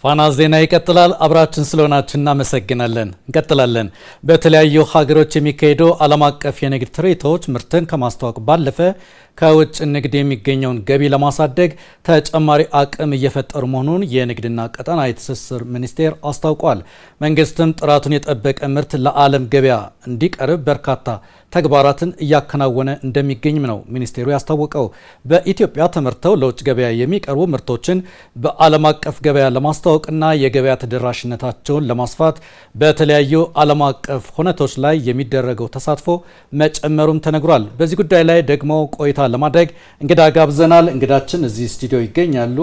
ፋና ዜና ይቀጥላል። አብራችን ስለሆናችን እናመሰግናለን። እንቀጥላለን። በተለያዩ ሀገሮች የሚካሄዱ ዓለም አቀፍ የንግድ ትርኢቶች ምርትን ከማስተዋወቅ ባለፈ ከውጭ ንግድ የሚገኘውን ገቢ ለማሳደግ ተጨማሪ አቅም እየፈጠሩ መሆኑን የንግድና ቀጠናዊ ትስስር ሚኒስቴር አስታውቋል። መንግስትም ጥራቱን የጠበቀ ምርት ለዓለም ገበያ እንዲቀርብ በርካታ ተግባራትን እያከናወነ እንደሚገኝም ነው ሚኒስቴሩ ያስታወቀው። በኢትዮጵያ ተመርተው ለውጭ ገበያ የሚቀርቡ ምርቶችን በዓለም አቀፍ ገበያ ለማስተዋወቅና የገበያ ተደራሽነታቸውን ለማስፋት በተለያዩ ዓለም አቀፍ ሁነቶች ላይ የሚደረገው ተሳትፎ መጨመሩም ተነግሯል። በዚህ ጉዳይ ላይ ደግሞ ቆይታ ለማድረግ እንግዳ ጋብዘናል። እንግዳችን እዚህ ስቱዲዮ ይገኛሉ።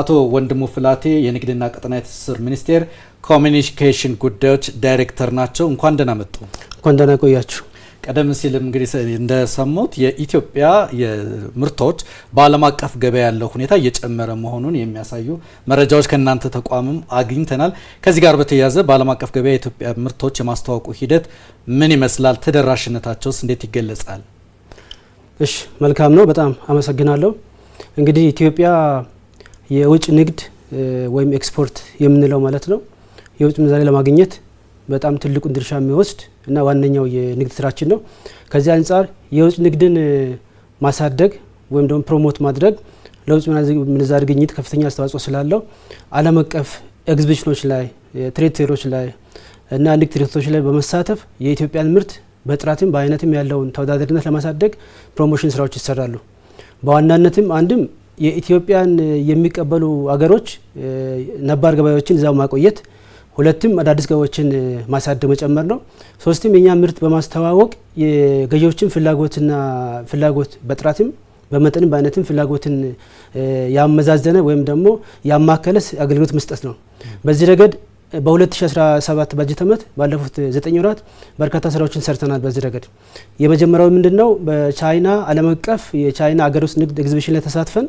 አቶ ወንድሙ ፍላቴ የንግድና ቀጠናዊ ትስስር ሚኒስቴር ኮሚኒኬሽን ጉዳዮች ዳይሬክተር ናቸው። እንኳን ደህና መጡ። እንኳን ደህና ቆያችሁ። ቀደም ሲልም እንግዲህ እንደሰሙት የኢትዮጵያ ምርቶች በዓለም አቀፍ ገበያ ያለው ሁኔታ እየጨመረ መሆኑን የሚያሳዩ መረጃዎች ከእናንተ ተቋምም አግኝተናል። ከዚህ ጋር በተያያዘ በዓለም አቀፍ ገበያ የኢትዮጵያ ምርቶች የማስተዋወቁ ሂደት ምን ይመስላል? ተደራሽነታቸውስ እንዴት ይገለጻል? እሺ መልካም ነው። በጣም አመሰግናለሁ። እንግዲህ ኢትዮጵያ የውጭ ንግድ ወይም ኤክስፖርት የምንለው ማለት ነው የውጭ ምንዛሬ ለማግኘት በጣም ትልቁን ድርሻ የሚወስድ እና ዋነኛው የንግድ ስራችን ነው። ከዚህ አንጻር የውጭ ንግድን ማሳደግ ወይም ደግሞ ፕሮሞት ማድረግ ለውጭ ምንዛሬ ግኝት ከፍተኛ አስተዋጽኦ ስላለው ዓለም አቀፍ ኤግዚቢሽኖች ላይ፣ ትሬድ ፌሮች ላይ እና ንግድ ትርኢቶች ላይ በመሳተፍ የኢትዮጵያን ምርት በጥራትም በአይነትም ያለውን ተወዳዳሪነት ለማሳደግ ፕሮሞሽን ስራዎች ይሰራሉ። በዋናነትም አንድም የኢትዮጵያን የሚቀበሉ አገሮች ነባር ገበያዎችን እዛው ማቆየት፣ ሁለትም አዳዲስ ገበያዎችን ማሳደግ መጨመር ነው። ሶስትም የእኛ ምርት በማስተዋወቅ የገዢዎችን ፍላጎትና ፍላጎት በጥራትም በመጠንም በአይነትም ፍላጎትን ያመዛዘነ ወይም ደግሞ ያማከለስ አገልግሎት መስጠት ነው። በዚህ ረገድ በ2017 በጀት ዓመት ባለፉት ዘጠኝ ወራት በርካታ ስራዎችን ሰርተናል። በዚህ ረገድ የመጀመሪያው ምንድነው? በቻይና ዓለም አቀፍ የቻይና አገር ውስጥ ንግድ ኤግዚቢሽን ላይ ተሳትፈን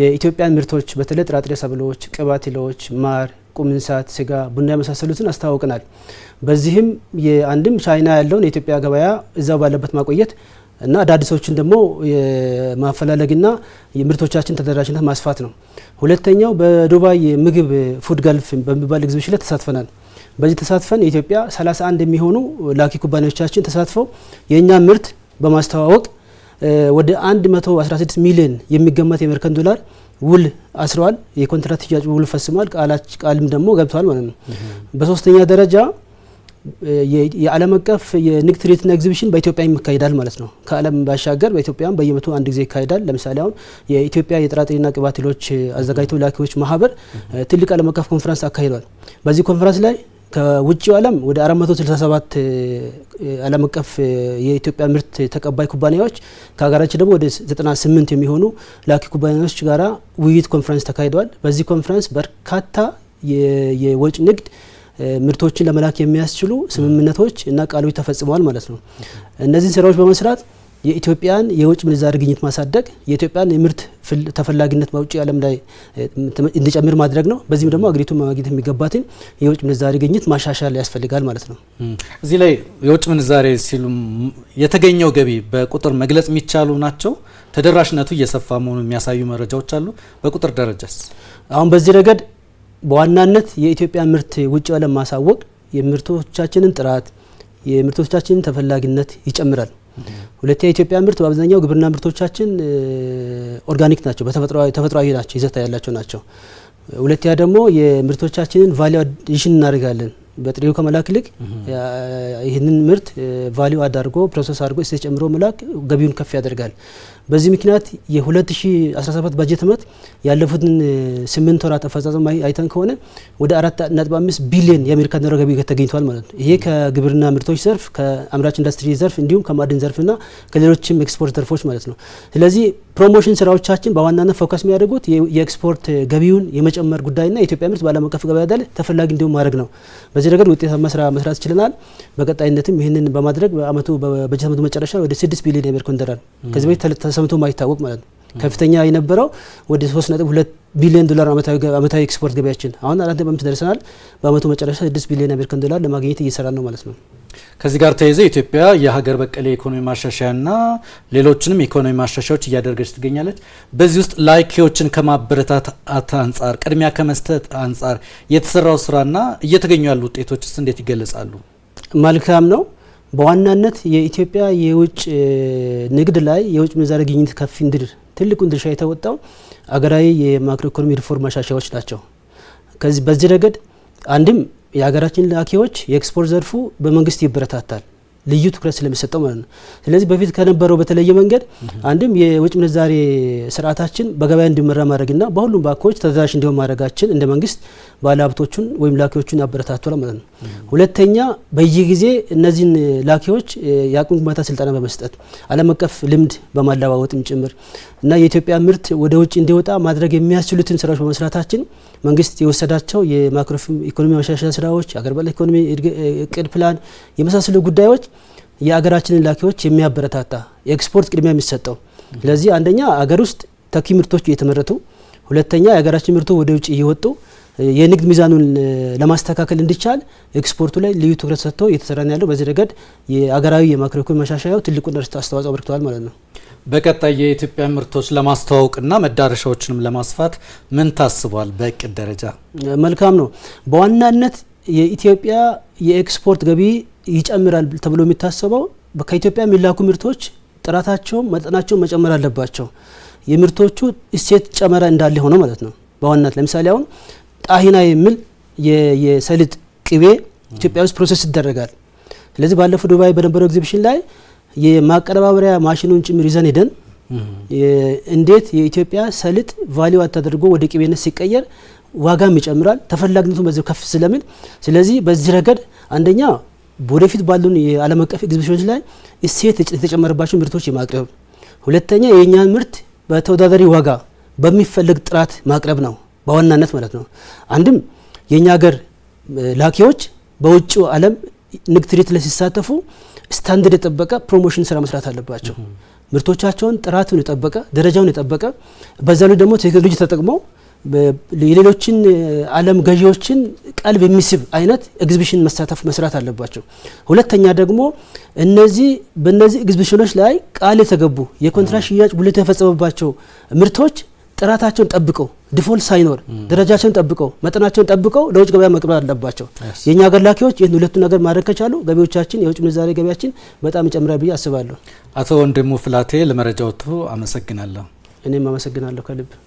የኢትዮጵያን ምርቶች በተለይ ጥራጥሬ ሰብሎች፣ ቅባት እህሎች፣ ማር፣ ቁም እንስሳት፣ ስጋ፣ ቡና የመሳሰሉትን አስተዋውቀናል። በዚህም የአንድም ቻይና ያለውን የኢትዮጵያ ገበያ እዛው ባለበት ማቆየት እና አዳዲሶችን ደግሞ ማፈላለግና የምርቶቻችን ተደራሽነት ማስፋት ነው። ሁለተኛው በዱባይ ምግብ ፉድ ገልፍ በሚባል ኤግዚቢሽን ላይ ተሳትፈናል። በዚህ ተሳትፈን የኢትዮጵያ 31 የሚሆኑ ላኪ ኩባንያዎቻችን ተሳትፈው የእኛ ምርት በማስተዋወቅ ወደ 116 ሚሊዮን የሚገመት የአሜሪካን ዶላር ውል አስረዋል። የኮንትራክት ሽያጭ ውል ፈስሟል። ቃልም ደግሞ ገብተዋል ማለት ነው። በሶስተኛ ደረጃ የዓለም አቀፍ የንግድ ትርኢትና ኤግዚቢሽን በኢትዮጵያ ይካሄዳል ማለት ነው። ከዓለም ባሻገር በኢትዮጵያም በየመቶ አንድ ጊዜ ይካሄዳል። ለምሳሌ አሁን የኢትዮጵያ የጥራጥሬና ቅባት እህሎች አዘጋጅቶ ላኪዎች ማህበር ትልቅ ዓለም አቀፍ ኮንፈረንስ አካሂዷል። በዚህ ኮንፈረንስ ላይ ከውጭው ዓለም ወደ 467 ዓለም አቀፍ የኢትዮጵያ ምርት ተቀባይ ኩባንያዎች ከሀገራችን ደግሞ ወደ 98 የሚሆኑ ላኪ ኩባንያዎች ጋራ ውይይት ኮንፈረንስ ተካሂደዋል። በዚህ ኮንፈረንስ በርካታ የወጭ ንግድ ምርቶችን ለመላክ የሚያስችሉ ስምምነቶች እና ቃሎች ተፈጽመዋል ማለት ነው። እነዚህን ስራዎች በመስራት የኢትዮጵያን የውጭ ምንዛሪ ግኝት ማሳደግ፣ የኢትዮጵያን የምርት ተፈላጊነት በውጭ ዓለም ላይ እንዲጨምር ማድረግ ነው። በዚህም ደግሞ አገሪቱ ማግኘት የሚገባትን የውጭ ምንዛሪ ግኝት ማሻሻል ያስፈልጋል ማለት ነው። እዚህ ላይ የውጭ ምንዛሬ ሲሉ የተገኘው ገቢ በቁጥር መግለጽ የሚቻሉ ናቸው። ተደራሽነቱ እየሰፋ መሆኑን የሚያሳዩ መረጃዎች አሉ። በቁጥር ደረጃስ አሁን በዚህ ረገድ በዋናነት የኢትዮጵያ ምርት ውጭ ዓለም ማሳወቅ የምርቶቻችንን ጥራት የምርቶቻችንን ተፈላጊነት ይጨምራል። ሁለት የኢትዮጵያ ምርት በአብዛኛው ግብርና ምርቶቻችን ኦርጋኒክ ናቸው፣ ተፈጥሯዊ ናቸው፣ ይዘት ያላቸው ናቸው። ሁለተኛ ደግሞ የምርቶቻችንን ቫሊዩ አዲሽን እናደርጋለን። በጥሬው ከመላክ ይልቅ ይህንን ምርት ቫሊዩ አዳርጎ ፕሮሰስ አድርጎ እሴት ጨምሮ መላክ ገቢውን ከፍ ያደርጋል። በዚህ ምክንያት የ2017 ባጀት ዓመት ያለፉትን ስምንት ወራት አፈጻጸም አይተን ከሆነ ወደ አምስት ቢሊዮን የአሜሪካ ዶላር ገቢ ተገኝቷል ማለት ነው። ይሄ ከግብርና ምርቶች ዘርፍ፣ ከአምራች ኢንዱስትሪ ዘርፍ እንዲሁም ከማዕድን ዘርፍና ከሌሎችም ኤክስፖርት ዘርፎች ማለት ነው። ስለዚህ ፕሮሞሽን ስራዎቻችን በዋናነት ፎከስ የሚያደርጉት የኤክስፖርት ገቢውን የመጨመር ጉዳይና የኢትዮጵያ ምርት በዓለም አቀፍ ገበያ ተፈላጊ እንዲሁም ማድረግ ነው። በዚህ ረገድ ውጤታማ ስራ መስራት ችለናል። በቀጣይነትም ይህንን በማድረግ በአመቱ በበጀት አመቱ መጨረሻ ወደ ስድስት ቢሊዮን የብር ኮንትራት ከዚህ በፊት ተሰምቶ ማይታወቅ ማለት ነው ከፍተኛ የነበረው ወደ 3.2 ቢሊዮን ዶላር አመታዊ ኤክስፖርት ገበያችን አሁን አራት ደርሰናል። በአመቱ መጨረሻ 6 ቢሊዮን አሜሪካን ዶላር ለማግኘት እየሰራ ነው ማለት ነው። ከዚህ ጋር ተያይዘ ኢትዮጵያ የሀገር በቀል የኢኮኖሚ ማሻሻያና ሌሎችንም የኢኮኖሚ ማሻሻያዎች እያደረገች ትገኛለች። በዚህ ውስጥ ላኪዎችን ከማበረታታት አንጻር፣ ቅድሚያ ከመስጠት አንጻር የተሰራው ስራና እየተገኙ ያሉ ውጤቶችስ እንዴት ይገለጻሉ? መልካም ነው። በዋናነት የኢትዮጵያ የውጭ ንግድ ላይ የውጭ ምንዛሪ ግኝት ከፍ እንዲል ትልቁን ድርሻ የተወጣው አገራዊ የማክሮ ኢኮኖሚ ሪፎርም ማሻሻያዎች ናቸው። ከዚህ በዚህ ረገድ አንድም የሀገራችን ላኪዎች የኤክስፖርት ዘርፉ በመንግስት ይበረታታል። ልዩ ትኩረት ስለሚሰጠው ማለት ነው። ስለዚህ በፊት ከነበረው በተለየ መንገድ አንድም የውጭ ምንዛሬ ስርዓታችን በገበያ እንዲመራ ማድረግና በሁሉም ባንኮች ተደራሽ እንዲሆን ማድረጋችን እንደ መንግስት ባለሀብቶቹን ወይም ላኪዎቹን ያበረታቷል ማለት ነው። ሁለተኛ በየጊዜ እነዚህን ላኪዎች የአቅም ግንባታ ስልጠና በመስጠት ዓለም አቀፍ ልምድ በማለዋወጥም ጭምር እና የኢትዮጵያ ምርት ወደ ውጭ እንዲወጣ ማድረግ የሚያስችሉትን ስራዎች በመስራታችን መንግስት የወሰዳቸው የማክሮ ኢኮኖሚ ማሻሻያ ስራዎች፣ የአገር በቀል ኢኮኖሚ እቅድ ፕላን የመሳሰሉ ጉዳዮች የአገራችንን ላኪዎች የሚያበረታታ የኤክስፖርት ቅድሚያ የሚሰጠው ስለዚህ አንደኛ አገር ውስጥ ተኪ ምርቶች እየተመረቱ ሁለተኛ የሀገራችን ምርቶ ወደ ውጭ እየወጡ የንግድ ሚዛኑን ለማስተካከል እንዲቻል ኤክስፖርቱ ላይ ልዩ ትኩረት ሰጥቶ እየተሰራ ነው ያለው። በዚህ ረገድ የአገራዊ የማክሮ መሻሻያው ትልቁን አስተዋጽኦ አበርክተዋል ማለት ነው። በቀጣይ የኢትዮጵያ ምርቶች ለማስተዋወቅና መዳረሻዎችንም ለማስፋት ምን ታስቧል? በእቅድ ደረጃ መልካም ነው። በዋናነት የኢትዮጵያ የኤክስፖርት ገቢ ይጨምራል ተብሎ የሚታሰበው ከኢትዮጵያ የሚላኩ ምርቶች ጥራታቸው መጠናቸው መጨመር አለባቸው። የምርቶቹ እሴት ጨመረ እንዳለ ሆኖ ማለት ነው። በዋናት ለምሳሌ አሁን ጣሂና የሚል የሰሊጥ ቅቤ ኢትዮጵያ ውስጥ ፕሮሰስ ይደረጋል። ስለዚህ ባለፈው ዱባይ በነበረው ኤግዚቢሽን ላይ የማቀነባበሪያ ማሽኑን ጭምር ይዘን ሄደን እንዴት የኢትዮጵያ ሰሊጥ ቫሊዋ ተደርጎ ወደ ቅቤነት ሲቀየር ዋጋም ይጨምራል፣ ተፈላጊነቱ በዚህ ከፍ ስለሚል ስለዚህ በዚህ ረገድ አንደኛ ወደፊት ባሉን የዓለም አቀፍ ኤግዚቢሽኖች ላይ እሴት የተጨመረባቸው ምርቶች የማቅረብ ሁለተኛ የእኛን ምርት በተወዳዳሪ ዋጋ በሚፈለግ ጥራት ማቅረብ ነው በዋናነት ማለት ነው። አንድም የእኛ ሀገር ላኪዎች በውጭው ዓለም ንግድ ትርኢት ላይ ሲሳተፉ ስታንደርድ የጠበቀ ፕሮሞሽን ስራ መስራት አለባቸው። ምርቶቻቸውን ጥራቱን የጠበቀ ደረጃውን የጠበቀ በዛ ላይ ደግሞ ቴክኖሎጂ ተጠቅመው የሌሎችን ዓለም ገዢዎችን ቀልብ የሚስብ አይነት ኤግዚቢሽን መሳተፍ መስራት አለባቸው። ሁለተኛ ደግሞ እነዚህ በእነዚህ ኤግዚቢሽኖች ላይ ቃል የተገቡ የኮንትራት ሽያጭ ጉልት የፈጸመባቸው ምርቶች ጥራታቸውን ጠብቀው ዲፎልት ሳይኖር ደረጃቸውን ጠብቀው መጠናቸውን ጠብቀው ለውጭ ገበያ መቅረብ አለባቸው። የእኛ ሀገር ላኪዎች ይህን ሁለቱ ነገር ማድረግ ከቻሉ ገቢዎቻችን የውጭ ምንዛሬ ገቢያችን በጣም ይጨምራል ብዬ አስባለሁ። አቶ ወንድሙ ፍላቴ ለመረጃዎቱ አመሰግናለሁ። እኔም አመሰግናለሁ ከልብ